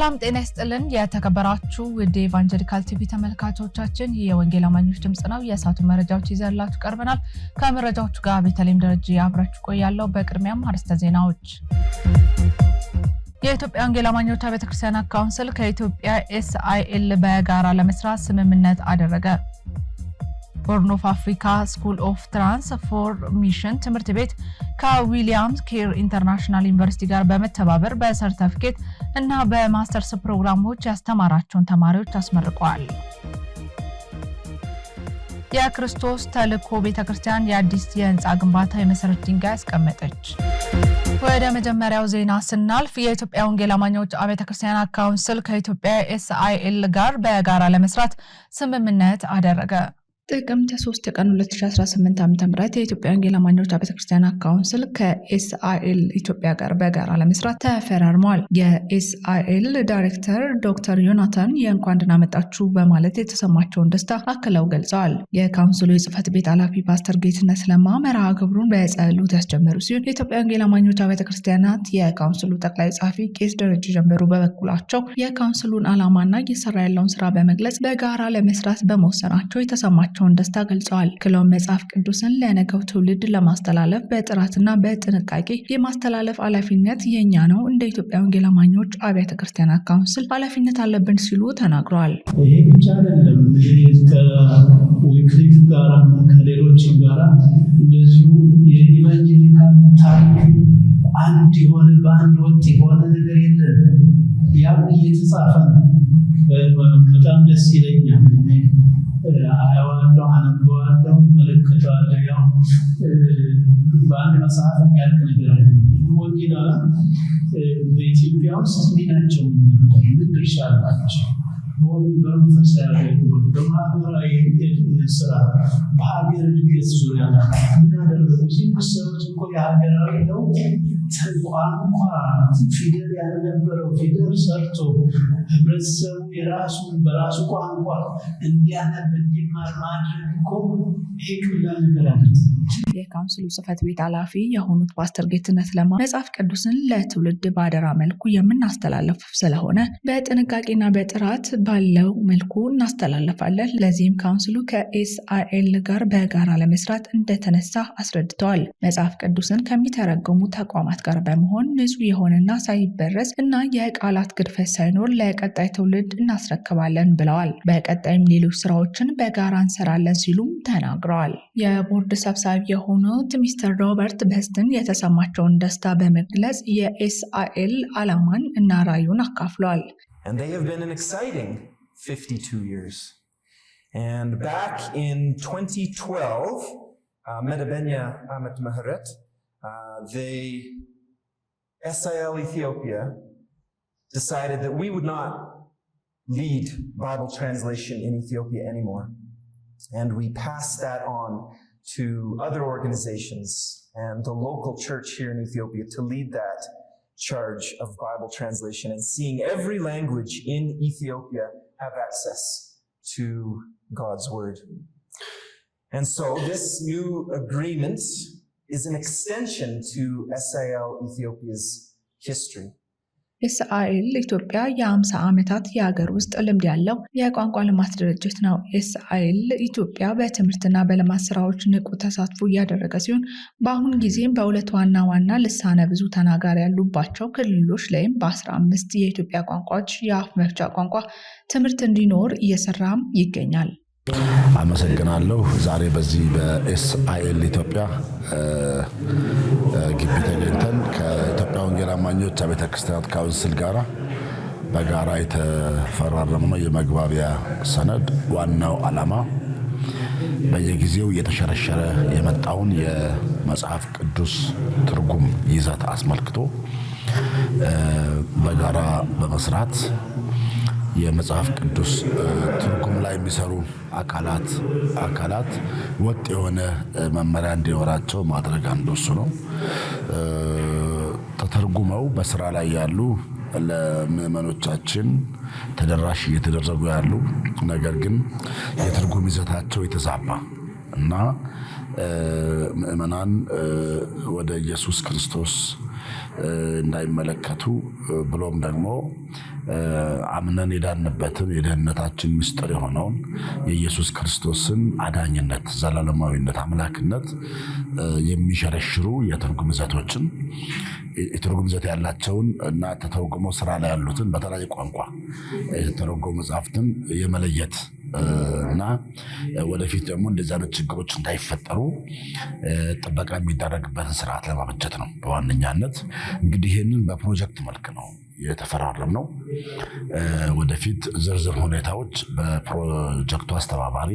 ሰላም ጤና ይስጥልን። የተከበራችሁ ውድ ኤቫንጀሊካል ቲቪ ተመልካቾቻችን ይህ የወንጌል አማኞች ድምፅ ነው። የእሳቱ መረጃዎች ይዘላችሁ ቀርበናል። ከመረጃዎቹ ጋር ቤተልሔም ደረጀ አብራችሁ ቆያለው በቅድሚያም አርዕስተ ዜናዎች የኢትዮጵያ ወንጌል አማኞች ቤተክርስቲያናት ካውንስል ከኢትዮጵያ ኤስአይኤል በጋራ ለመስራት ስምምነት አደረገ። በሆርን ኦፍ አፍሪካ ስኩል ኦፍ ሚሽን ትምህርት ቤት ከዊሊያም ኬር ኢንተርናሽናል ዩኒቨርሲቲ ጋር በመተባበር በሰርተፍኬት እና በማስተርስ ፕሮግራሞች ያስተማራቸውን ተማሪዎች አስመርቀዋል። የክርስቶስ ተልዕኮ ቤተ ክርስቲያን የአዲስ የህንፃ ግንባታ የመሰረት ድንጋይ አስቀመጠች። ወደ መጀመሪያው ዜና ስናልፍ የኢትዮጵያ ወንጌል አማኞች አብያተ ክርስቲያናት ካውንስል ከኢትዮጵያ ኤስአይኤል ጋር በጋራ ለመስራት ስምምነት አደረገ። ጥቅምት 3 ቀን 2018 ም የኢትዮጵያ ወንጌል አማኞች ቤተክርስቲያን ካውንስል ከኤስአኤል ኢትዮጵያ ጋር በጋራ ለመስራት ተፈራርመዋል። የኤስአኤል ዳይሬክተር ዶክተር ዮናታን የእንኳን ደህና መጣችሁ በማለት የተሰማቸውን ደስታ አክለው ገልጸዋል። የካውንስሉ የጽህፈት ቤት ኃላፊ ፓስተር ጌትነት ለማ መርሃ ግብሩን በጸሎት ያስጀመሩ ሲሆን የኢትዮጵያ ወንጌል አማኞች ቤተክርስቲያናት የካውንስሉ ጠቅላይ ጸሐፊ ቄስ ደረጀ ጀንበሩ በበኩላቸው የካውንስሉን ዓላማና እየሰራ ያለውን ስራ በመግለጽ በጋራ ለመስራት በመወሰናቸው የተሰማቸው ያላቸውን ደስታ ገልጸዋል። ክለውም መጽሐፍ ቅዱስን ለነገው ትውልድ ለማስተላለፍ በጥራትና በጥንቃቄ የማስተላለፍ ኃላፊነት የእኛ ነው፣ እንደ ኢትዮጵያ ወንጌል አማኞች አብያተ ክርስቲያናት ካውንስል ኃላፊነት አለብን ሲሉ ተናግረዋል። ይሄ ብቻ አይደለም ከዊክሊፍ ጋራ ከሌሎችም ጋራ እንደዚሁ የኢቫንጀሊካል ታሪክ አንድ የሆነ በአንድ ወጥ የሆነ ነገር የለም። ያም እየተጻፈ ነው። በጣም ደስ ይለኛል። አየዋለሁ፣ አነበዋለሁ፣ እመለከተዋለሁ። ያው በአንድ መጽሐፍ የሚያልቅ ነገር አለ። ወንጌላውያን በኢትዮጵያ ውስጥ ሚናቸው ምንድን ነው? ምን ድርሻ አላቸው? በመንፈሳዊ አገልግሎት፣ በማህበራዊ ስራ፣ በሀገር እድገት ዙሪያ ምን አደረጉ? እኮ ቋንቋ ፊደል ያልነበረው ፊደል ሰርቶ ህብረተሰቡ የራሱን በራሱ ቋንቋ እንዲያነብ እንዲማር ማድረግ እኮ የካውንስሉ ጽህፈት ቤት ኃላፊ የሆኑት ፓስተር ጌትነት ለማ መጽሐፍ ቅዱስን ለትውልድ ባደራ መልኩ የምናስተላለፍ ስለሆነ በጥንቃቄና በጥራት ባለው መልኩ እናስተላለፋለን። ለዚህም ካውንስሉ ከኤስአይኤል ጋር በጋራ ለመስራት እንደተነሳ አስረድተዋል። መጽሐፍ ቅዱስን ከሚተረጉሙ ተቋማት ጋር በመሆን ንጹህ የሆነና ሳይበረስ እና የቃላት ግድፈት ሳይኖር ለቀጣይ ትውልድ እናስረክባለን ብለዋል። በቀጣይም ሌሎች ስራዎችን በጋራ እንሰራለን ሲሉም ተናግረዋል። የቦርድ ሰብሳቢ የሆኑት ሚስተር ሮበርት በስትን የተሰማቸውን ደስታ በመግለጽ የኤስአይኤል ዓላማን እና ራዩን አካፍሏል። And they have been an exciting 52 years. And back in 2012, uh, Medabenya Ahmed Maharet, uh, they, SIL Ethiopia, decided that we would not lead Bible translation in Ethiopia anymore. And we passed that on to other organizations and the local church here in Ethiopia to lead that charge of Bible translation and seeing every language in Ethiopia have access to God's word. And so this new agreement is an extension to SAL Ethiopia's history. ኤስአኤል ኢትዮጵያ የ50 ዓመታት የሀገር ውስጥ ልምድ ያለው የቋንቋ ልማት ድርጅት ነው። ኤስአኤል ኢትዮጵያ በትምህርትና በልማት ስራዎች ንቁ ተሳትፎ እያደረገ ሲሆን በአሁን ጊዜም በሁለት ዋና ዋና ልሳነ ብዙ ተናጋሪ ያሉባቸው ክልሎች ላይም በ15 የኢትዮጵያ ቋንቋዎች የአፍ መፍቻ ቋንቋ ትምህርት እንዲኖር እየሰራም ይገኛል። አመሰግናለሁ። ዛሬ በዚህ በኤስአኤል ኢትዮጵያ ግቢ ተገኝተን ወንጌል አማኞች አብያተ ክርስቲያናት ካውንስል ጋራ በጋራ የተፈራረምነው የመግባቢያ ሰነድ ዋናው ዓላማ በየጊዜው እየተሸረሸረ የመጣውን የመጽሐፍ ቅዱስ ትርጉም ይዘት አስመልክቶ በጋራ በመስራት የመጽሐፍ ቅዱስ ትርጉም ላይ የሚሰሩ አካላት አካላት ወጥ የሆነ መመሪያ እንዲኖራቸው ማድረግ አንዱ እሱ ነው። ተተርጉመው በስራ ላይ ያሉ ለምዕመኖቻችን ተደራሽ እየተደረጉ ያሉ ነገር ግን የትርጉም ይዘታቸው የተዛባ እና ምዕመናን ወደ ኢየሱስ ክርስቶስ እንዳይመለከቱ ብሎም ደግሞ አምነን የዳንበትን የደህንነታችን ምስጢር የሆነውን የኢየሱስ ክርስቶስን አዳኝነት፣ ዘላለማዊነት፣ አምላክነት የሚሸረሽሩ የትርጉም ዘቶችን የትርጉም ዘት ያላቸውን እና ተተርጉሞ ስራ ላይ ያሉትን በተለያየ ቋንቋ የተተረጎሙ መጽሐፍትን የመለየት እና ወደፊት ደግሞ እንደዚህ አይነት ችግሮች እንዳይፈጠሩ ጥበቃ የሚደረግበትን ስርዓት ለማበጀት ነው በዋነኛነት። እንግዲህ ይህንን በፕሮጀክት መልክ ነው የተፈራረም ነው። ወደፊት ዝርዝር ሁኔታዎች በፕሮጀክቱ አስተባባሪ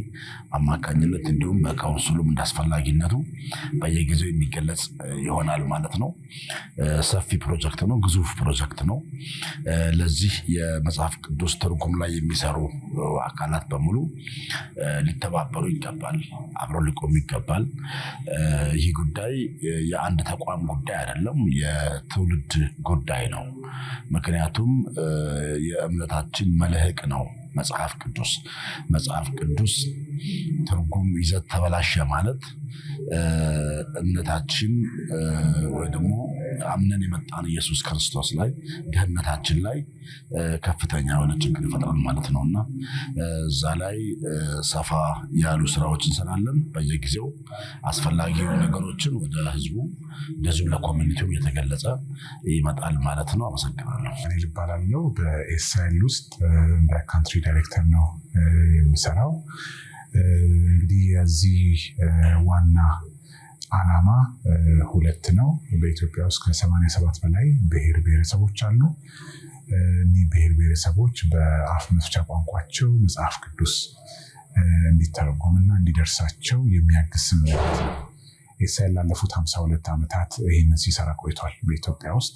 አማካኝነት እንዲሁም በካውንስሉም እንዳስፈላጊነቱ በየጊዜው የሚገለጽ ይሆናል ማለት ነው። ሰፊ ፕሮጀክት ነው። ግዙፍ ፕሮጀክት ነው። ለዚህ የመጽሐፍ ቅዱስ ትርጉም ላይ የሚሰሩ አካላት በሙሉ ሊተባበሩ ይገባል። አብረው ሊቆሙ ይገባል። ይህ ጉዳይ የአንድ ተቋም ጉዳይ አይደለም። የትውልድ ጉዳይ ነው። ምክንያቱም የእምነታችን መልህቅ ነው መጽሐፍ ቅዱስ። መጽሐፍ ቅዱስ ትርጉም ይዘት ተበላሸ ማለት እምነታችን ወይ ደግሞ አምነን የመጣን ኢየሱስ ክርስቶስ ላይ ድህነታችን ላይ ከፍተኛ የሆነ ችግር ይፈጥራል ማለት ነው እና እዛ ላይ ሰፋ ያሉ ስራዎች እንሰራለን። በየጊዜው አስፈላጊ ነገሮችን ወደ ህዝቡ እንደዚሁም ለኮሚኒቲው እየተገለጸ ይመጣል ማለት ነው። አመሰግናለሁ። እኔ ልባላለሁ በኤስራኤል ውስጥ እንደ ካንትሪ ዳይሬክተር ነው የሚሰራው። እንግዲህ የዚህ ዋና ዓላማ ሁለት ነው። በኢትዮጵያ ውስጥ ከሰማንያ ሰባት በላይ ብሔር ብሔረሰቦች አሉ። እኒህ ብሔር ብሔረሰቦች በአፍ መፍቻ ቋንቋቸው መጽሐፍ ቅዱስ እንዲተረጎምና እንዲደርሳቸው የሚያግዝ ስምምነት ነው። ኢሳይ ላለፉት ሀምሳ ሁለት ዓመታት ይህንን ሲሰራ ቆይቷል በኢትዮጵያ ውስጥ።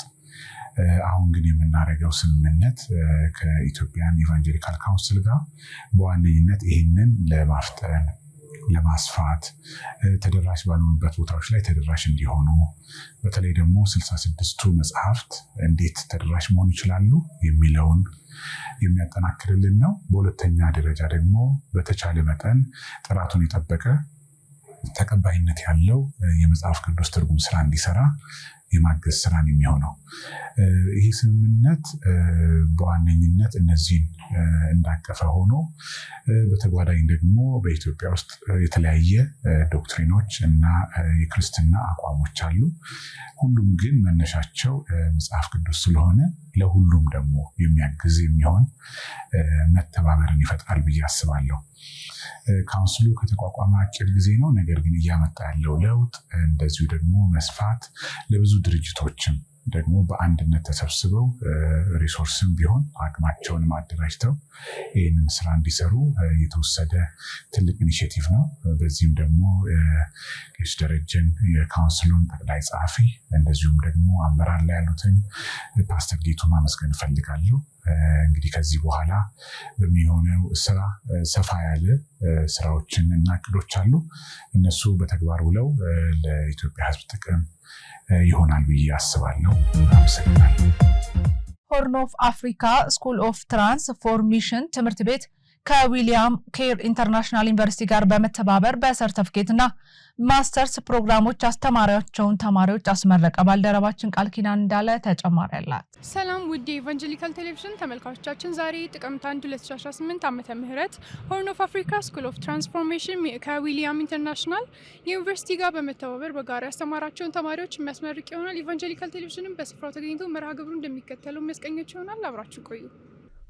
አሁን ግን የምናደርገው ስምምነት ከኢትዮጵያን ኢቫንጀሊካል ካውንስል ጋር በዋነኝነት ይህንን ለማፍጠን ለማስፋት ተደራሽ ባልሆኑበት ቦታዎች ላይ ተደራሽ እንዲሆኑ በተለይ ደግሞ ስልሳ ስድስቱ መጽሐፍት እንዴት ተደራሽ መሆን ይችላሉ የሚለውን የሚያጠናክርልን ነው። በሁለተኛ ደረጃ ደግሞ በተቻለ መጠን ጥራቱን የጠበቀ ተቀባይነት ያለው የመጽሐፍ ቅዱስ ትርጉም ስራ እንዲሰራ የማገዝ ስራን የሚሆነው። ይህ ስምምነት በዋነኝነት እነዚህን እንዳቀፈ ሆኖ በተጓዳኝ ደግሞ በኢትዮጵያ ውስጥ የተለያየ ዶክትሪኖች እና የክርስትና አቋሞች አሉ። ሁሉም ግን መነሻቸው መጽሐፍ ቅዱስ ስለሆነ ለሁሉም ደግሞ የሚያግዝ የሚሆን መተባበርን ይፈጥራል ብዬ አስባለሁ። ካውንስሉ ከተቋቋመ አጭር ጊዜ ነው። ነገር ግን እያመጣ ያለው ለውጥ እንደዚሁ ደግሞ መስፋት ለብዙ ድርጅቶችም ደግሞ በአንድነት ተሰብስበው ሪሶርስም ቢሆን አቅማቸውን አደራጅተው ይህንን ስራ እንዲሰሩ የተወሰደ ትልቅ ኢኒሽቲቭ ነው። በዚህም ደግሞ ቄስ ደረጀን የካውንስሉን ጠቅላይ ጸሐፊ እንደዚሁም ደግሞ አመራር ላይ ያሉትን ፓስተር ጌቱ ማመስገን እፈልጋለሁ። እንግዲህ ከዚህ በኋላ በሚሆነው ስራ ሰፋ ያለ ስራዎችን እና እቅዶች አሉ። እነሱ በተግባር ውለው ለኢትዮጵያ ሕዝብ ጥቅም ይሆናል ብዬ አስባለሁ። አመሰግናለሁ። ሆርን ኦፍ አፍሪካ ስኩል ኦፍ ትራንስፎርሜሽን ትምህርት ቤት ከዊሊያም ኬር ኢንተርናሽናል ዩኒቨርሲቲ ጋር በመተባበር በሰርተፍኬትና ማስተርስ ፕሮግራሞች አስተማሪያቸውን ተማሪዎች አስመረቀ። ባልደረባችን ቃል ኪዳን እንዳለ ተጨማሪ ያላት። ሰላም ውድ ኢቫንጀሊካል ቴሌቪዥን ተመልካቾቻችን፣ ዛሬ ጥቅምት 1 2018 ዓመተ ምህረት ሆርን ኦፍ አፍሪካ ስኩል ኦፍ ትራንስፎርሜሽን ከዊሊያም ኢንተርናሽናል ዩኒቨርሲቲ ጋር በመተባበር በጋራ ያስተማራቸውን ተማሪዎች የሚያስመርቅ ይሆናል። ኢቫንጀሊካል ቴሌቪዥንም በስፍራው ተገኝቶ መርሃ ግብሩ እንደሚከተለው የሚያስቀኘች ይሆናል። አብራችሁ ቆዩ።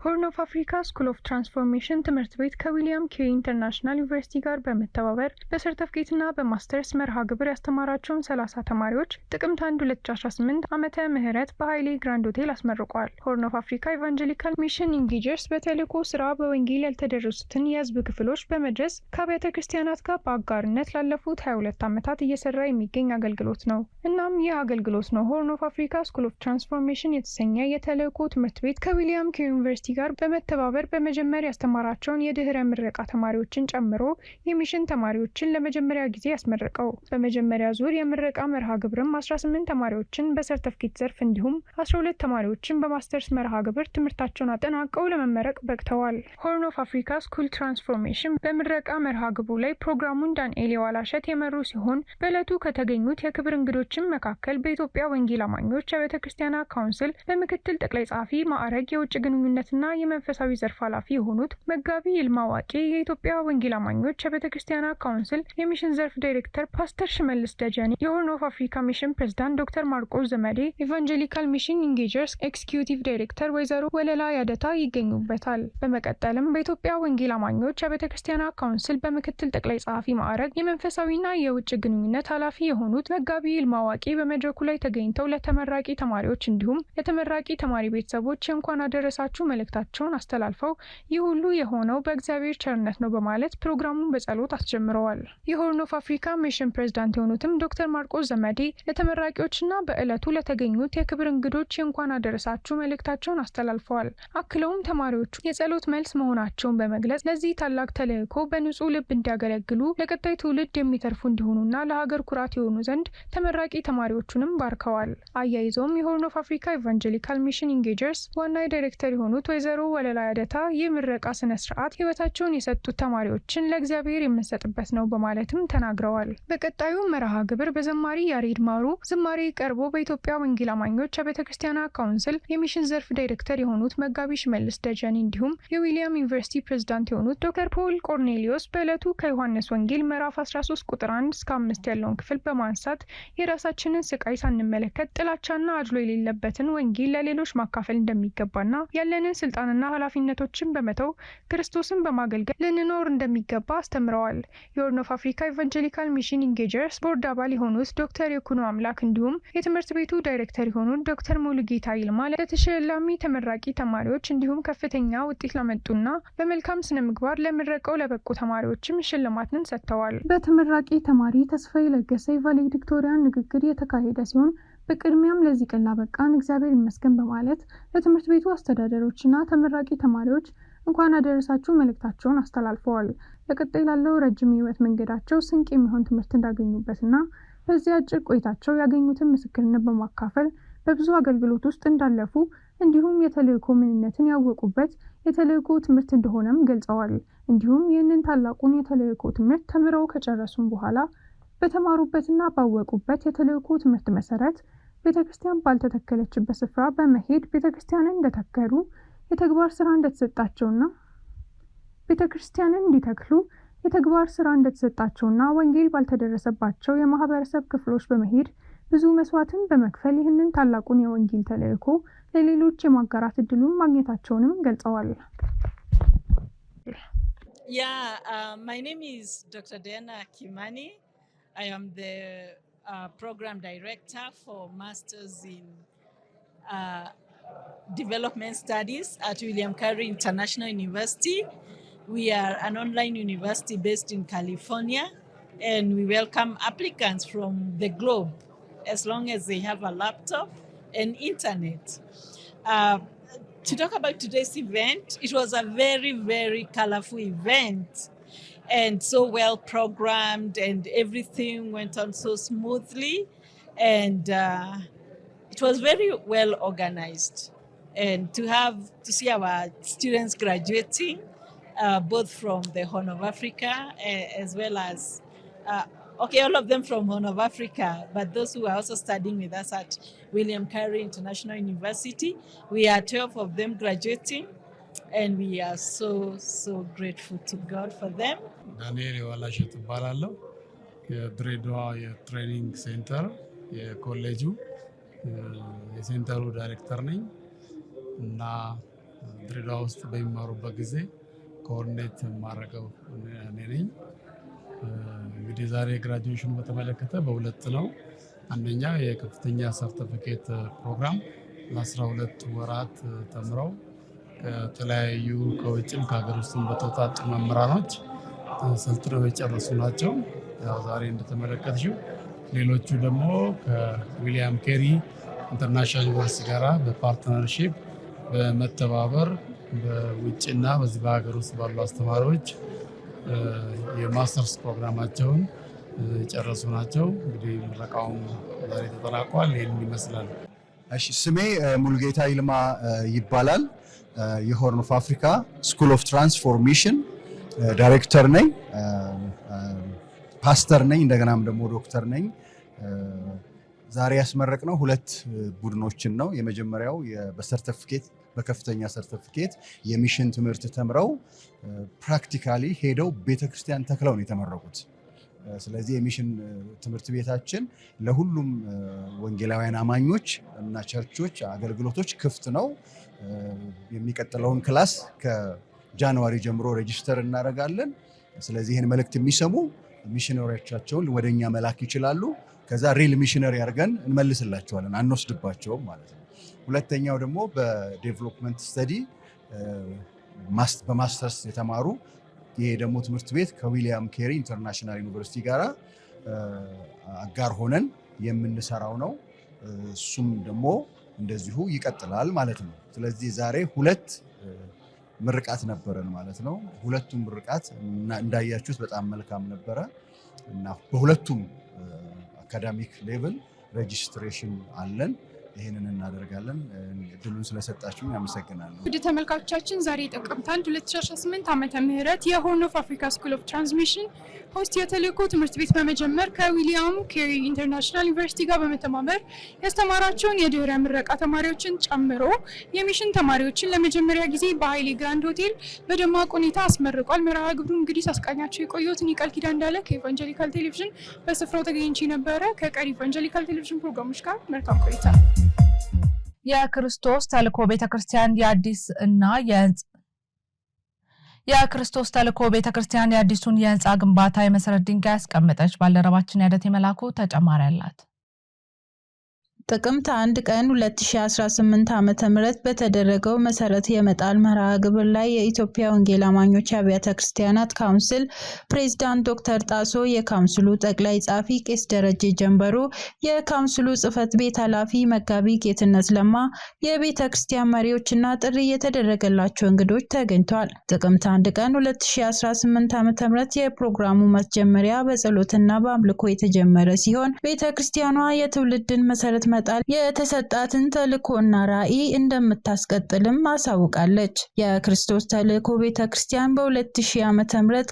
ሆርን ኦፍ አፍሪካ ስኩል ኦፍ ትራንስፎርሜሽን ትምህርት ቤት ከዊሊያም ኬሪ ኢንተርናሽናል ዩኒቨርሲቲ ጋር በመተባበር በሰርተፍኬትና በማስተርስ መርሃ ግብር ያስተማራቸውን 30 ተማሪዎች ጥቅምት 1 2018 ዓመተ ምህረት በኃይሌ ግራንድ ሆቴል አስመርቋል። ሆርን ኦፍ አፍሪካ ኢቫንጀሊካል ሚሽን ኢንጌጀርስ በቴሌኮ ስራ በወንጌል ያልተደረሱትን የህዝብ ክፍሎች በመድረስ ከአብያተ ክርስቲያናት ጋር በአጋርነት ላለፉት 22 ዓመታት እየሰራ የሚገኝ አገልግሎት ነው። እናም ይህ አገልግሎት ነው ሆርን ኦፍ አፍሪካ ስኩል ኦፍ ትራንስፎርሜሽን የተሰኘ የተልዕኮ ትምህርት ቤት ከዊሊያም ኬሪ ዩኒቨርሲቲ ጋር በመተባበር በመጀመር ያስተማራቸውን የድህረ ምረቃ ተማሪዎችን ጨምሮ የሚሽን ተማሪዎችን ለመጀመሪያ ጊዜ ያስመረቀው። በመጀመሪያ ዙር የምረቃ መርሃ ግብርም 18 ተማሪዎችን በሰርተፍኬት ዘርፍ እንዲሁም 12 ተማሪዎችን በማስተርስ መርሃ ግብር ትምህርታቸውን አጠናቀው ለመመረቅ በቅተዋል። ሆርን ኦፍ አፍሪካ ስኩል ትራንስፎርሜሽን በምረቃ መርሃ ግብሩ ላይ ፕሮግራሙን ዳንኤል የዋላሸት የመሩ ሲሆን በዕለቱ ከተገኙት የክብር እንግዶችን መካከል በኢትዮጵያ ወንጌል አማኞች የቤተ ክርስቲያና ካውንስል በምክትል ጠቅላይ ጸሐፊ ማዕረግ የውጭ ግንኙነት ። የትምህርትና የመንፈሳዊ ዘርፍ ኃላፊ የሆኑት መጋቢ ይልማ የኢትዮጵያ ወንጌል አማኞች የቤተ ክርስቲያናት ካውንስል የሚሽን ዘርፍ ዳይሬክተር ፓስተር ሽመልስ ደጀኔ፣ የሆርን ኦፍ አፍሪካ ሚሽን ፕሬዝዳንት ዶክተር ማርቆስ ዘመዴ፣ ኢቫንጀሊካል ሚሽን ኢንጌጀርስ ኤክስኪዩቲቭ ዳይሬክተር ወይዘሮ ወለላ ያደታ ይገኙበታል። በመቀጠልም በኢትዮጵያ ወንጌል አማኞች የቤተ ክርስቲያናት ካውንስል በምክትል ጠቅላይ ጸሐፊ ማዕረግ የመንፈሳዊና የውጭ ግንኙነት ኃላፊ የሆኑት መጋቢ ይልማ በመድረኩ ላይ ተገኝተው ለተመራቂ ተማሪዎች እንዲሁም ለተመራቂ ተማሪ ቤተሰቦች የእንኳን አደረሳችሁ መልእክት መልእክታቸውን አስተላልፈው ይህ ሁሉ የሆነው በእግዚአብሔር ቸርነት ነው በማለት ፕሮግራሙን በጸሎት አስጀምረዋል። የሆርን ኦፍ አፍሪካ ሚሽን ፕሬዚዳንት የሆኑትም ዶክተር ማርቆስ ዘመዴ ለተመራቂዎችና በዕለቱ ለተገኙት የክብር እንግዶች የእንኳን አደረሳችሁ መልእክታቸውን አስተላልፈዋል። አክለውም ተማሪዎቹ የጸሎት መልስ መሆናቸውን በመግለጽ ለዚህ ታላቅ ተልእኮ በንጹህ ልብ እንዲያገለግሉ ለቀጣይ ትውልድ የሚተርፉ እንዲሆኑና ለሀገር ኩራት የሆኑ ዘንድ ተመራቂ ተማሪዎቹንም ባርከዋል። አያይዘውም የሆርን ኦፍ አፍሪካ ኢቫንጀሊካል ሚሽን ኢንጌጀርስ ዋና ዳይሬክተር የሆኑት ወይዘሮ ወለላ ያደታ ይህ ምረቃ ስነ ስርዓት ህይወታቸውን የሰጡት ተማሪዎችን ለእግዚአብሔር የምንሰጥበት ነው በማለትም ተናግረዋል። በቀጣዩ መርሃ ግብር በዘማሪ ያሬድ ማሩ ዝማሬ ቀርቦ በኢትዮጵያ ወንጌል አማኞች ቤተ ክርስቲያናት ካውንስል የሚሽን ዘርፍ ዳይሬክተር የሆኑት መጋቢ ሽመልስ ደጀን እንዲሁም የዊሊያም ዩኒቨርሲቲ ፕሬዝዳንት የሆኑት ዶክተር ፖል ቆርኔሊዮስ በዕለቱ ከዮሐንስ ወንጌል ምዕራፍ 13 ቁጥር 1 እስከ 5 ያለውን ክፍል በማንሳት የራሳችንን ስቃይ ሳንመለከት ጥላቻና አድሎ የሌለበትን ወንጌል ለሌሎች ማካፈል እንደሚገባና ያለንን ስልጣንና ኃላፊነቶችን በመተው ክርስቶስን በማገልገል ልንኖር እንደሚገባ አስተምረዋል። የሆርን ኦፍ አፍሪካ ኢቫንጀሊካል ሚሽን ኢንጌጀርስ ቦርድ አባል የሆኑት ዶክተር የኩኖ አምላክ እንዲሁም የትምህርት ቤቱ ዳይሬክተር የሆኑት ዶክተር ሙሉጌታ ይልማ ለተሸላሚ ተመራቂ ተማሪዎች እንዲሁም ከፍተኛ ውጤት ላመጡና በመልካም ስነ ምግባር ለምረቀው ለበቁ ተማሪዎችም ሽልማትን ሰጥተዋል። በተመራቂ ተማሪ ተስፋዬ ለገሰ የቫሌዲክቶሪያን ንግግር የተካሄደ ሲሆን በቅድሚያም ለዚህ ቀን ላበቃን እግዚአብሔር ይመስገን በማለት ለትምህርት ቤቱ አስተዳደሮችና ተመራቂ ተማሪዎች እንኳን አደረሳችሁ መልእክታቸውን አስተላልፈዋል። በቀጣይ ላለው ረጅም የህይወት መንገዳቸው ስንቅ የሚሆን ትምህርት እንዳገኙበትና በዚህ አጭር ቆይታቸው ያገኙትን ምስክርነት በማካፈል በብዙ አገልግሎት ውስጥ እንዳለፉ እንዲሁም የተልእኮ ምንነትን ያወቁበት የተልእኮ ትምህርት እንደሆነም ገልጸዋል። እንዲሁም ይህንን ታላቁን የተልእኮ ትምህርት ተምረው ከጨረሱም በኋላ በተማሩበትና ባወቁበት የተልእኮ ትምህርት መሰረት ቤተ ክርስቲያን ባልተተከለችበት ስፍራ በመሄድ ቤተ ክርስቲያንን እንደተከሉ የተግባር ስራ እንደተሰጣቸውና ቤተ ክርስቲያንን እንዲተክሉ የተግባር ስራ እንደተሰጣቸውና ወንጌል ባልተደረሰባቸው የማህበረሰብ ክፍሎች በመሄድ ብዙ መስዋዕትን በመክፈል ይህንን ታላቁን የወንጌል ተልእኮ ለሌሎች የማጋራት እድሉን ማግኘታቸውንም ገልጸዋል። ያ ማይ ኔም ኢዝ ዶክተር ዲያና ኪማኒ I am the uh, program director for Masters in uh, Development Studies at William Carey International University. We are an online university based in California, and we welcome applicants from the globe as long as they have a laptop and internet. Uh, to talk about today's event, it was a very, very colorful event and so well programmed, and everything went on so smoothly. And uh, it was very well organized. And to have to see our students graduating, uh, both from the Horn of Africa uh, as well as, uh, okay, all of them from Horn of Africa, but those who are also studying with us at William Carey International University, we are 12 of them graduating and we are so so grateful to God for them። ዳንኤል የዋላሸት እባላለሁ የድሬዳዋ የትሬኒንግ ሴንተር የኮሌጁ የሴንተሩ ዳይሬክተር ነኝ እና ድሬዳዋ ውስጥ በሚማሩበት ጊዜ ኮኦርዲኔት የማደርገው እኔ ነኝ። እንግዲህ ዛሬ ግራጁዌሽኑ በተመለከተ በሁለት ነው። አንደኛ የከፍተኛ ሰርቲፊኬት ፕሮግራም ለ12 ወራት ተምረው ከተለያዩ ከውጭም ከሀገር ውስጥም በተውጣጡ መምህራኖች ሰልጥነው የጨረሱ ናቸው። ዛሬ እንደተመለከትሽው ሌሎቹ ደግሞ ከዊሊያም ኬሪ ኢንተርናሽናል ዩኒቨርሲቲ ጋራ በፓርትነርሺፕ በመተባበር በውጭና በዚህ በሀገር ውስጥ ባሉ አስተማሪዎች የማስተርስ ፕሮግራማቸውን የጨረሱ ናቸው። እንግዲህ ምረቃውም ዛሬ ተጠናቋል። ይህን ይመስላል። እሺ፣ ስሜ ሙልጌታ ይልማ ይባላል። Uh, የሆርን ኦፍ አፍሪካ ስኩል ኦፍ ትራንስፎርሜሽን uh, ዳይሬክተር ነኝ፣ uh, ፓስተር ነኝ፣ እንደገናም ደግሞ ዶክተር ነኝ። ዛሬ ያስመረቅነው ሁለት ቡድኖችን ነው። የመጀመሪያው በሰርተፊኬት በከፍተኛ ሰርተፊኬት የሚሽን ትምህርት ተምረው ፕራክቲካሊ ሄደው ቤተክርስቲያን ተክለው ነው የተመረቁት። ስለዚህ የሚሽን ትምህርት ቤታችን ለሁሉም ወንጌላውያን አማኞች እና ቸርቾች አገልግሎቶች ክፍት ነው። የሚቀጥለውን ክላስ ከጃንዋሪ ጀምሮ ሬጅስተር እናደርጋለን። ስለዚህ ይህን መልእክት የሚሰሙ ሚሽነሪዎቻቸውን ወደ እኛ መላክ ይችላሉ። ከዛ ሪል ሚሽነሪ አድርገን እንመልስላቸዋለን፣ አንወስድባቸውም ማለት ነው። ሁለተኛው ደግሞ በዴቨሎፕመንት ስተዲ በማስተርስ የተማሩ ይሄ ደግሞ ትምህርት ቤት ከዊሊያም ኬሪ ኢንተርናሽናል ዩኒቨርሲቲ ጋር አጋር ሆነን የምንሰራው ነው። እሱም ደግሞ እንደዚሁ ይቀጥላል ማለት ነው። ስለዚህ ዛሬ ሁለት ምርቃት ነበረን ማለት ነው። ሁለቱም ምርቃት እንዳያችሁት በጣም መልካም ነበረ እና በሁለቱም አካዳሚክ ሌቭል ሬጂስትሬሽን አለን። ይህንን እናደርጋለን። እድሉን ስለሰጣችሁም ያመሰግናለሁ። ውድ ተመልካቾቻችን ዛሬ ጥቅምት 1 2018 ዓመተ ምህረት የሆርን ኦፍ አፍሪካ ስኩል ኦፍ ትራንስሚሽን ሆስት የተልዕኮ ትምህርት ቤት በመጀመር ከዊሊያም ኬሪ ኢንተርናሽናል ዩኒቨርሲቲ ጋር በመተማመር ያስተማራቸውን የድህረ ምረቃ ተማሪዎችን ጨምሮ የሚሽን ተማሪዎችን ለመጀመሪያ ጊዜ በሀይሌ ግራንድ ሆቴል በደማቅ ሁኔታ አስመርቋል። መርሃ ግብሩ እንግዲህ ሳስቃኛቸው የቆየሁት ቃል እንዳለ ከኢቫንጀሊካል ቴሌቪዥን በስፍራው ተገኝቼ ነበረ። ከቀሪ ኢቫንጀሊካል ቴሌቪዥን ፕሮግራሞች ጋር መልካም ቆይታ የክርስቶስ ተልእኮ ቤተክርስቲያን የአዲስ እና የክርስቶስ ተልእኮ ቤተክርስቲያን የአዲሱን የህንፃ ግንባታ የመሰረት ድንጋይ ያስቀመጠች ባልደረባችን ያደት የመላኩ ተጨማሪ አላት። ጥቅምት አንድ ቀን 2018 ዓ ም በተደረገው መሰረት የመጣል መርሃ ግብር ላይ የኢትዮጵያ ወንጌል አማኞች አብያተ ክርስቲያናት ካውንስል ፕሬዝዳንት ዶክተር ጣሶ፣ የካውንስሉ ጠቅላይ ጻፊ ቄስ ደረጀ ጀንበሩ፣ የካውንስሉ ጽህፈት ቤት ኃላፊ መጋቢ ጌትነት ለማ፣ የቤተ ክርስቲያን መሪዎችና ጥሪ የተደረገላቸው እንግዶች ተገኝተዋል። ጥቅምት አንድ ቀን 2018 ዓ ም የፕሮግራሙ መጀመሪያ በጸሎትና በአምልኮ የተጀመረ ሲሆን ቤተ ክርስቲያኗ የትውልድን መሰረት ይመጣል። የተሰጣትን ተልእኮና ራዕይ እንደምታስቀጥልም አሳውቃለች። የክርስቶስ ተልእኮ ቤተ ክርስቲያን በ2000 ዓ ም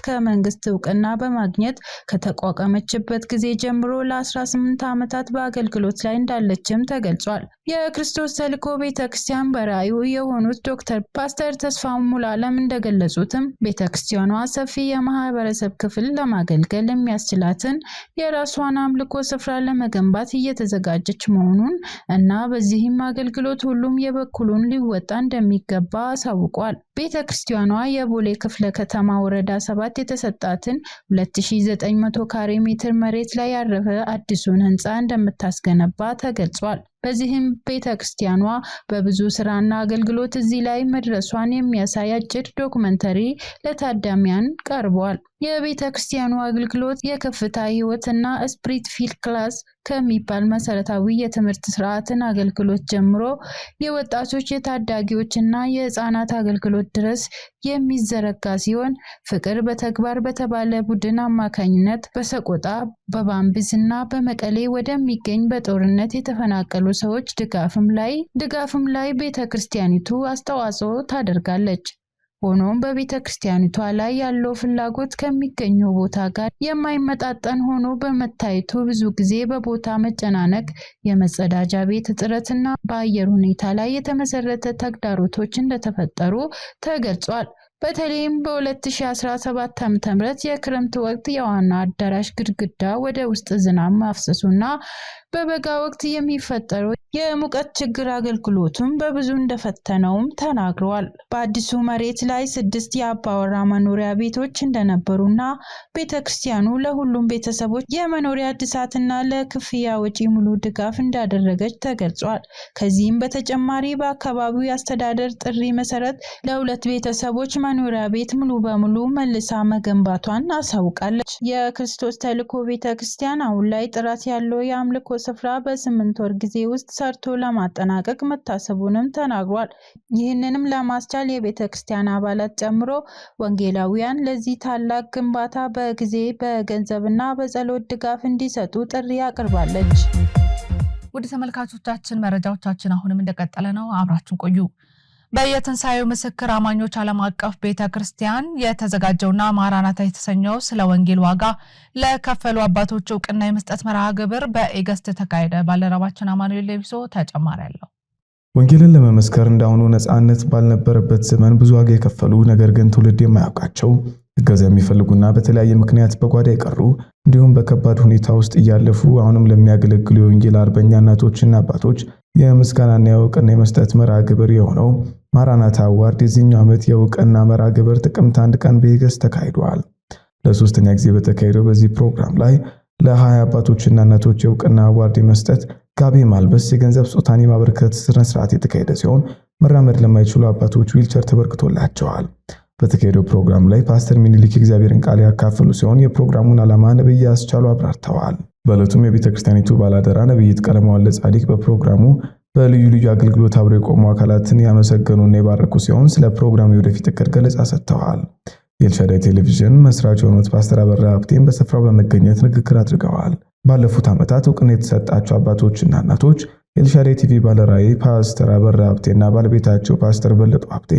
ከመንግስት እውቅና በማግኘት ከተቋቋመችበት ጊዜ ጀምሮ ለ18 ዓመታት በአገልግሎት ላይ እንዳለችም ተገልጿል። የክርስቶስ ተልእኮ ቤተ ክርስቲያን በራእዩ የሆኑት ዶክተር ፓስተር ተስፋ ሙሉዓለም እንደገለጹትም ቤተ ክርስቲያኗ ሰፊ የማህበረሰብ ክፍል ለማገልገል የሚያስችላትን የራሷን አምልኮ ስፍራ ለመገንባት እየተዘጋጀች መሆኑ መሆኑን እና በዚህም አገልግሎት ሁሉም የበኩሉን ሊወጣ እንደሚገባ አሳውቋል። ቤተ ክርስቲያኗ የቦሌ ክፍለ ከተማ ወረዳ ሰባት የተሰጣትን 2900 ካሬ ሜትር መሬት ላይ ያረፈ አዲሱን ህንፃ እንደምታስገነባ ተገልጿል። በዚህም ቤተ ክርስቲያኗ በብዙ ስራና አገልግሎት እዚህ ላይ መድረሷን የሚያሳይ አጭር ዶክመንተሪ ለታዳሚያን ቀርቧል። የቤተ ክርስቲያኑ አገልግሎት የከፍታ ህይወትና ስፕሪት ፊልድ ክላስ ከሚባል መሰረታዊ የትምህርት ስርዓትን አገልግሎት ጀምሮ የወጣቶች የታዳጊዎችና የህፃናት አገልግሎት ድረስ የሚዘረጋ ሲሆን ፍቅር በተግባር በተባለ ቡድን አማካኝነት በሰቆጣ እና በመቀሌ ወደሚገኝ በጦርነት የተፈናቀሉ ሰዎች ድጋፍም ላይ ድጋፍም ላይ ቤተ ክርስቲያኒቱ አስተዋጽኦ ታደርጋለች። ሆኖም በቤተ ክርስቲያኒቷ ላይ ያለው ፍላጎት ከሚገኘው ቦታ ጋር የማይመጣጠን ሆኖ በመታየቱ ብዙ ጊዜ በቦታ መጨናነቅ፣ የመጸዳጃ ቤት እጥረትና በአየር ሁኔታ ላይ የተመሰረተ ተግዳሮቶች እንደተፈጠሩ ተገልጿል። በተለይም በ2017 ዓ ም የክረምት ወቅት የዋና አዳራሽ ግድግዳ ወደ ውስጥ ዝናብ ማፍሰሱና በበጋ ወቅት የሚፈጠረው የሙቀት ችግር አገልግሎቱን በብዙ እንደፈተነውም ተናግረዋል። በአዲሱ መሬት ላይ ስድስት የአባወራ መኖሪያ ቤቶች እንደነበሩና ቤተ ክርስቲያኑ ለሁሉም ቤተሰቦች የመኖሪያ እድሳትና ለክፍያ ወጪ ሙሉ ድጋፍ እንዳደረገች ተገልጿል። ከዚህም በተጨማሪ በአካባቢው የአስተዳደር ጥሪ መሰረት ለሁለት ቤተሰቦች መኖሪያ ቤት ሙሉ በሙሉ መልሳ መገንባቷን አሳውቃለች። የክርስቶስ ተልእኮ ቤተ ክርስቲያን አሁን ላይ ጥራት ያለው የአምልኮ ስፍራ በስምንት ወር ጊዜ ውስጥ ሰርቶ ለማጠናቀቅ መታሰቡንም ተናግሯል። ይህንንም ለማስቻል የቤተ ክርስቲያን አባላት ጨምሮ ወንጌላውያን ለዚህ ታላቅ ግንባታ በጊዜ በገንዘብና በጸሎት ድጋፍ እንዲሰጡ ጥሪ አቅርባለች። ወደ ተመልካቾቻችን መረጃዎቻችን አሁንም እንደቀጠለ ነው። አብራችን ቆዩ። በየትንሣኤው ምስክር አማኞች ዓለም አቀፍ ቤተ ክርስቲያን የተዘጋጀውና ማራናታ የተሰኘው ስለ ወንጌል ዋጋ ለከፈሉ አባቶች እውቅና የመስጠት መርሃ ግብር በኤገስት ተካሄደ። ባልደረባችን አማኑኤል ሌቢሶ ተጨማሪ አለው። ወንጌልን ለመመስከር እንዳሁኑ ነፃነት ባልነበረበት ዘመን ብዙ ዋጋ የከፈሉ ነገር ግን ትውልድ የማያውቃቸው እገዛ የሚፈልጉና በተለያየ ምክንያት በጓዳ የቀሩ እንዲሁም በከባድ ሁኔታ ውስጥ እያለፉ አሁንም ለሚያገለግሉ የወንጌል አርበኛ እናቶችና አባቶች የምስጋናና የእውቅና የመስጠት መርሃ ግብር የሆነው ማራናታ አዋርድ የዚህኛው ዓመት የእውቅና መርሃ ግብር ጥቅምት አንድ ቀን በሄገስ ተካሂዷል። ለሶስተኛ ጊዜ በተካሄደው በዚህ ፕሮግራም ላይ ለሀያ አባቶችና እናቶች የእውቅና አዋርድ የመስጠት ጋቢ ማልበስ የገንዘብ ስጦታን የማበረከት ስነስርዓት የተካሄደ ሲሆን መራመድ ለማይችሉ አባቶች ዊልቸር ተበርክቶላቸዋል። በተካሄደው ፕሮግራም ላይ ፓስተር ሚኒሊክ እግዚአብሔርን ቃል ያካፈሉ ሲሆን የፕሮግራሙን ዓላማ ነብይ አስቻሉ አብራርተዋል። በዕለቱም የቤተ ክርስቲያኒቱ ባላደራ ነብይት ቀለማዋለ ጻዲቅ በፕሮግራሙ በልዩ ልዩ አገልግሎት አብረው የቆሙ አካላትን ያመሰገኑና የባረኩ ሲሆን ስለ ፕሮግራሙ የወደፊት እቅድ ገለጻ ሰጥተዋል። የኤልሻዳይ ቴሌቪዥን መስራች የሆኑት ፓስተር አበራ ሀብቴን በስፍራው በመገኘት ንግግር አድርገዋል። ባለፉት ዓመታት እውቅና የተሰጣቸው አባቶችና እናቶች የኤልሻዳይ ቲቪ ባለራዕይ ፓስተር አበራ ሀብቴና ባለቤታቸው ፓስተር በለጡ ሀብቴ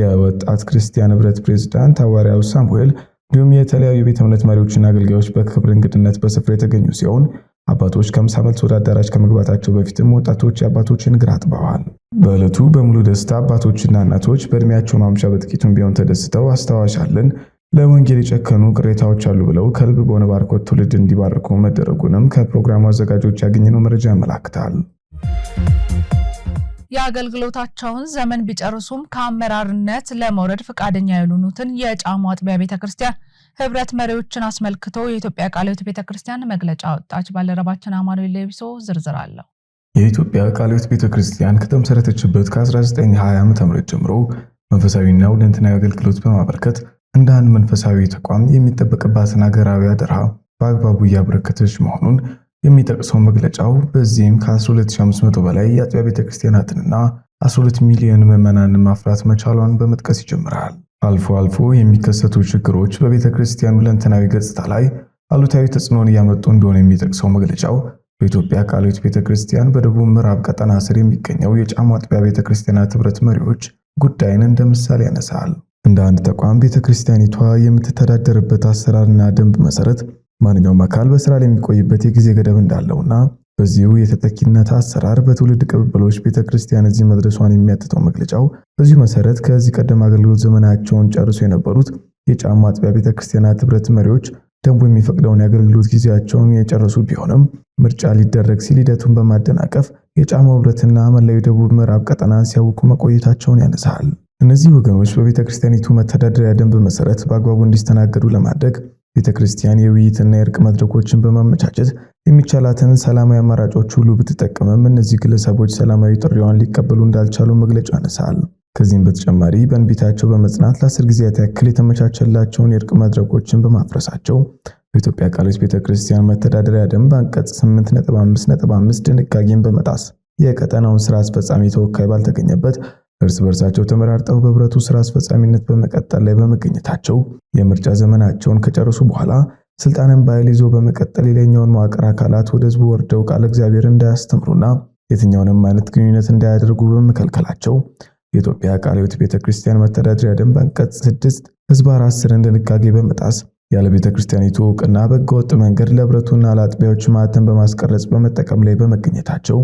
የወጣት ክርስቲያን ህብረት ፕሬዝዳንት ሐዋርያው ሳሙኤል እንዲሁም የተለያዩ የቤተ እምነት መሪዎችና አገልጋዮች በክብር እንግድነት በስፍራ የተገኙ ሲሆን አባቶች ከምሳ መልስ ወደ አዳራሽ ከመግባታቸው በፊትም ወጣቶች የአባቶችን እግር አጥበዋል። በዕለቱ በሙሉ ደስታ አባቶችና እናቶች በእድሜያቸው ማምሻ በጥቂቱም ቢሆን ተደስተው አስታዋሻለን ለወንጌል የጨከኑ ቅሬታዎች አሉ ብለው ከልብ በሆነ ባርኮት ትውልድ እንዲባርኩ መደረጉንም ከፕሮግራሙ አዘጋጆች ያገኘነው መረጃ ያመላክታል። የአገልግሎታቸውን ዘመን ቢጨርሱም ከአመራርነት ለመውረድ ፈቃደኛ ያልሆኑትን የጫሙ አጥቢያ ቤተ ክርስቲያን ህብረት መሪዎችን አስመልክቶ የኢትዮጵያ ቃለ ሕይወት ቤተ ክርስቲያን መግለጫ ወጣች። ባልደረባችን አማኖ ሌቢሶ ዝርዝር አለው። የኢትዮጵያ ቃለ ሕይወት ቤተ ክርስቲያን ከተመሰረተችበት ከ1920 ም ጀምሮ መንፈሳዊና ሁለንተናዊ አገልግሎት በማበርከት እንደ አንድ መንፈሳዊ ተቋም የሚጠበቅባትን ሀገራዊ አደራ በአግባቡ እያበረከተች መሆኑን የሚጠቅሰው መግለጫው በዚህም ከ12500 በላይ የአጥቢያ ቤተ ክርስቲያናትንና 12 ሚሊዮን ምዕመናንን ማፍራት መቻሏን በመጥቀስ ይጀምራል። አልፎ አልፎ የሚከሰቱ ችግሮች በቤተ ክርስቲያኑ ለንተናዊ ገጽታ ላይ አሉታዊ ተጽዕኖን እያመጡ እንደሆነ የሚጠቅሰው መግለጫው በኢትዮጵያ ቃልዮት ቤተ ክርስቲያን በደቡብ ምዕራብ ቀጠና ስር የሚገኘው የጫሙ አጥቢያ ቤተ ክርስቲያናት ኅብረት መሪዎች ጉዳይን እንደ ምሳሌ ያነሳል። እንደ አንድ ተቋም ቤተ ክርስቲያኒቷ የምትተዳደርበት አሰራርና ደንብ መሰረት ማንኛውም አካል በስራ ላይ የሚቆይበት የጊዜ ገደብ እንዳለውና በዚሁ የተተኪነት አሰራር በትውልድ ቅብብሎች ቤተክርስቲያን እዚህ መድረሷን የሚያትተው መግለጫው በዚሁ መሰረት ከዚህ ቀደም አገልግሎት ዘመናቸውን ጨርሶ የነበሩት የጫማ አጥቢያ ቤተክርስቲያናት ክርስቲያናት መሪዎች ደንቡ የሚፈቅደውን የአገልግሎት ጊዜያቸውን የጨረሱ ቢሆንም ምርጫ ሊደረግ ሲል ሂደቱን በማደናቀፍ የጫማው ኅብረትና መላዊ ደቡብ ምዕራብ ቀጠናን ሲያውቁ መቆየታቸውን ያነሳል። እነዚህ ወገኖች በቤተክርስቲያኒቱ መተዳደሪያ ደንብ መሰረት በአግባቡ እንዲስተናገዱ ለማድረግ ቤተ ክርስቲያን የውይይትና የእርቅ መድረኮችን በማመቻቸት የሚቻላትን ሰላማዊ አማራጮች ሁሉ ብትጠቀምም እነዚህ ግለሰቦች ሰላማዊ ጥሪዋን ሊቀበሉ እንዳልቻሉ መግለጫ ያነሳል። ከዚህም በተጨማሪ በእንቢታቸው በመጽናት ለአስር ጊዜያት ያክል የተመቻቸላቸውን የእርቅ መድረኮችን በማፍረሳቸው በኢትዮጵያ ቃሎች ቤተ ክርስቲያን መተዳደሪያ ደንብ አንቀጽ 8.5.5 ድንጋጌን በመጣስ የቀጠናውን ስራ አስፈጻሚ ተወካይ ባልተገኘበት እርስ በርሳቸው ተመራርጠው በህብረቱ ስራ አስፈጻሚነት በመቀጠል ላይ በመገኘታቸው የምርጫ ዘመናቸውን ከጨረሱ በኋላ ስልጣንን በኃይል ይዞ በመቀጠል የላይኛውን መዋቅር አካላት ወደ ህዝቡ ወርደው ቃለ እግዚአብሔር እንዳያስተምሩና የትኛውንም አይነት ግንኙነት እንዳያደርጉ በመከልከላቸው የኢትዮጵያ ቃለ ሕይወት ቤተክርስቲያን መተዳደሪያ ደንብ አንቀጽ 6 ህዝብ 410 ድንጋጌ በመጣስ ያለ ቤተክርስቲያኒቱ እውቅና በህገወጥ መንገድ ለህብረቱና ለአጥቢያዎች ማዕተም በማስቀረጽ በመጠቀም ላይ በመገኘታቸው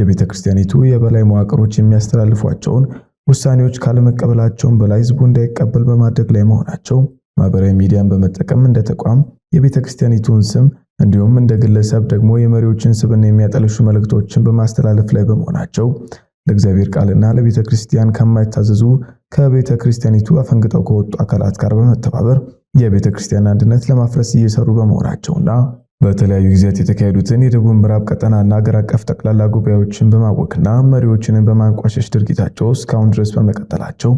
የቤተ ክርስቲያኒቱ የበላይ መዋቅሮች የሚያስተላልፏቸውን ውሳኔዎች ካለመቀበላቸውም በላይ ህዝቡ እንዳይቀበል በማድረግ ላይ መሆናቸው ማህበራዊ ሚዲያን በመጠቀም እንደ ተቋም የቤተ ክርስቲያኒቱን ስም እንዲሁም እንደ ግለሰብ ደግሞ የመሪዎችን ስብና የሚያጠለሹ መልእክቶችን በማስተላለፍ ላይ በመሆናቸው ለእግዚአብሔር ቃልና ለቤተ ክርስቲያን ከማይታዘዙ ከቤተ ክርስቲያኒቱ አፈንግጠው ከወጡ አካላት ጋር በመተባበር የቤተ ክርስቲያን አንድነት ለማፍረስ እየሰሩ በመሆናቸውና በተለያዩ ጊዜያት የተካሄዱትን የደቡብ ምዕራብ ቀጠናና አገር አቀፍ ጠቅላላ ጉባኤዎችን በማወክና መሪዎችንን በማንቋሸሽ ድርጊታቸው እስካሁን ድረስ በመቀጠላቸው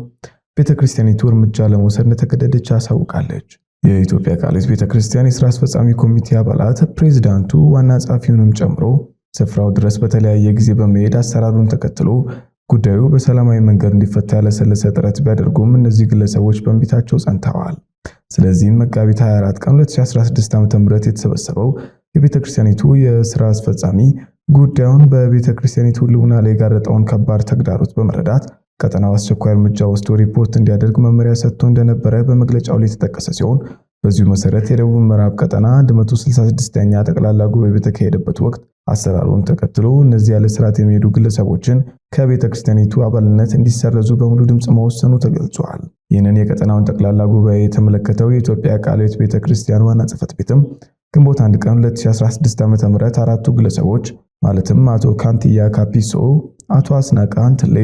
ቤተ ክርስቲያኒቱ እርምጃ ለመውሰድ እንደተገደደች አሳውቃለች። የኢትዮጵያ ቃልስ ቤተ ክርስቲያን አስፈጻሚ ኮሚቴ አባላት ፕሬዚዳንቱ፣ ዋና ጸሐፊውንም ጨምሮ ስፍራው ድረስ በተለያየ ጊዜ በመሄድ አሰራሩን ተከትሎ ጉዳዩ በሰላማዊ መንገድ እንዲፈታ ያለሰለሰ ጥረት ቢያደርጉም እነዚህ ግለሰቦች በእንቢታቸው ጸንተዋል። ስለዚህም መጋቢት 24 ቀን 2016 ዓ.ም የተሰበሰበው የቤተ ክርስቲያኒቱ የሥራ አስፈጻሚ ጉዳዩን በቤተ ክርስቲያኒቱ ሕልውና ላይ የጋረጠውን ከባድ ተግዳሮት በመረዳት ቀጠናው አስቸኳይ እርምጃ ወስዶ ሪፖርት እንዲያደርግ መመሪያ ሰጥቶ እንደነበረ በመግለጫው ላይ የተጠቀሰ ሲሆን በዚሁ መሰረት የደቡብ ምዕራብ ቀጠና 166ኛ ጠቅላላ ጉባኤ በተካሄደበት ወቅት አሰራሩን ተከትሎ እነዚህ ያለ ስርዓት የሚሄዱ ግለሰቦችን ከቤተ ክርስቲያኒቱ አባልነት እንዲሰረዙ በሙሉ ድምፅ መወሰኑ ተገልጿል። ይህንን የቀጠናውን ጠቅላላ ጉባኤ የተመለከተው የኢትዮጵያ ቃለ ሕይወት ቤተ ክርስቲያን ዋና ጽሕፈት ቤትም ግንቦት አንድ ቀን 2016 ዓ.ም አራቱ ግለሰቦች ማለትም አቶ ካንቲያ ካፒሶ፣ አቶ አስናቀ አንትሌ፣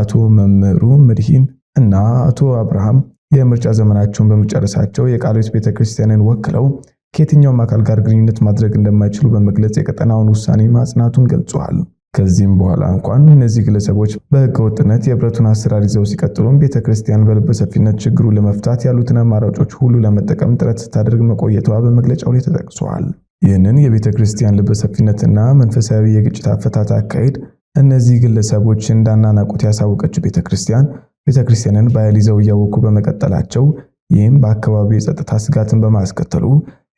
አቶ መምህሩ ምድሂን እና አቶ አብርሃም የምርጫ ዘመናቸውን በመጨረሳቸው የቃለ ሕይወት ቤተ ክርስቲያንን ወክለው ከየትኛውም አካል ጋር ግንኙነት ማድረግ እንደማይችሉ በመግለጽ የቀጠናውን ውሳኔ ማጽናቱን ገልጿል። ከዚህም በኋላ እንኳን እነዚህ ግለሰቦች በህገወጥነት የህብረቱን አሰራር ይዘው ሲቀጥሉም ቤተ ክርስቲያን በልበ ሰፊነት ችግሩ ለመፍታት ያሉትን አማራጮች ሁሉ ለመጠቀም ጥረት ስታደርግ መቆየቷ በመግለጫው ላይ ተጠቅሷል። ይህንን የቤተ ክርስቲያን ልበ ሰፊነትና መንፈሳዊ የግጭት አፈታት አካሄድ እነዚህ ግለሰቦች እንዳናናቁት ያሳወቀችው ቤተ ክርስቲያን ቤተ ክርስቲያንን በኃይል ይዘው እያወኩ በመቀጠላቸው ይህም በአካባቢው የጸጥታ ስጋትን በማስከተሉ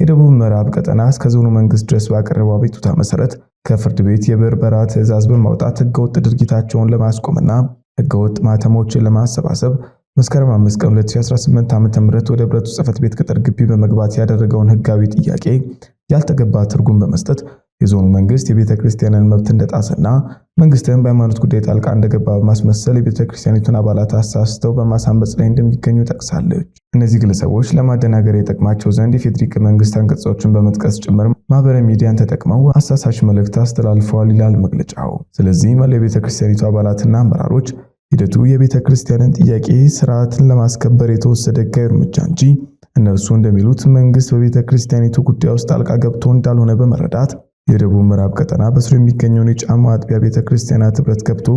የደቡብ ምዕራብ ቀጠና እስከ ዞኑ መንግስት ድረስ ባቀረበው አቤቱታ መሰረት ከፍርድ ቤት የብርበራ ትዕዛዝ በማውጣት ህገወጥ ድርጊታቸውን ለማስቆምና ህገወጥ ማተሞችን ለማሰባሰብ መስከረም 5 ቀን 2018 ዓ.ም ወደ ህብረቱ ጽሕፈት ቤት ቅጥር ግቢ በመግባት ያደረገውን ህጋዊ ጥያቄ ያልተገባ ትርጉም በመስጠት የዞኑ መንግስት የቤተ ክርስቲያንን መብት እንደጣሰና መንግስትን በሃይማኖት ጉዳይ ጣልቃ እንደገባ በማስመሰል የቤተ ክርስቲያኒቱን አባላት አሳስተው በማሳንበጽ ላይ እንደሚገኙ ጠቅሳለች። እነዚህ ግለሰቦች ለማደናገር የጠቅማቸው ዘንድ የፌዴሪክ መንግስት አንቀጾችን በመጥቀስ ጭምር ማህበራዊ ሚዲያን ተጠቅመው አሳሳች መልእክት አስተላልፈዋል ይላል መግለጫው። ስለዚህ መላው የቤተ ክርስቲያኒቱ አባላትና አመራሮች ሂደቱ የቤተ ክርስቲያንን ጥያቄ ስርዓትን ለማስከበር የተወሰደ ሕጋዊ እርምጃ እንጂ እነርሱ እንደሚሉት መንግስት በቤተ ክርስቲያኒቱ ጉዳይ ውስጥ ጣልቃ ገብቶ እንዳልሆነ በመረዳት የደቡብ ምዕራብ ቀጠና በስሩ የሚገኘውን የጫሞ አጥቢያ ቤተ ክርስቲያናት ኅብረት ገብቶ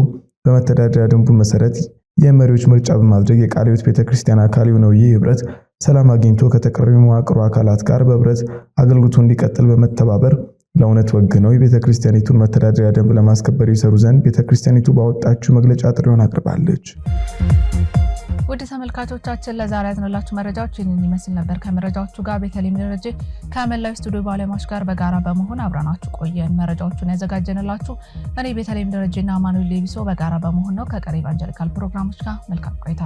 በመተዳደሪያ ደንቡ መሰረት የመሪዎች ምርጫ በማድረግ የቃልዮት ቤተ ክርስቲያን አካል የሆነው ይህ ህብረት ሰላም አግኝቶ ከተቀረቢ መዋቅሩ አካላት ጋር በህብረት አገልግሎቱ እንዲቀጥል በመተባበር ለእውነት ወግነው የቤተ ክርስቲያኒቱን መተዳደሪያ ደንብ ለማስከበር ይሰሩ ዘንድ ቤተ ክርስቲያኒቱ ባወጣችው መግለጫ ጥሪውን አቅርባለች። ውድ ተመልካቾቻችን ለዛሬ ያዝነላችሁ መረጃዎች ይህንን ይመስል ነበር። ከመረጃዎቹ ጋር በተለይም ደረጀ ከመላው ስቱዲዮ ባለሙያዎች ጋር በጋራ በመሆን አብረናችሁ ቆየን። መረጃዎቹን ያዘጋጀንላችሁ እኔ በተለይም ደረጀና ማኑኤል ሌቢሶ በጋራ በመሆን ነው። ከቀሪ ኢቫንጀሊካል ፕሮግራሞች ጋር መልካም ቆይታ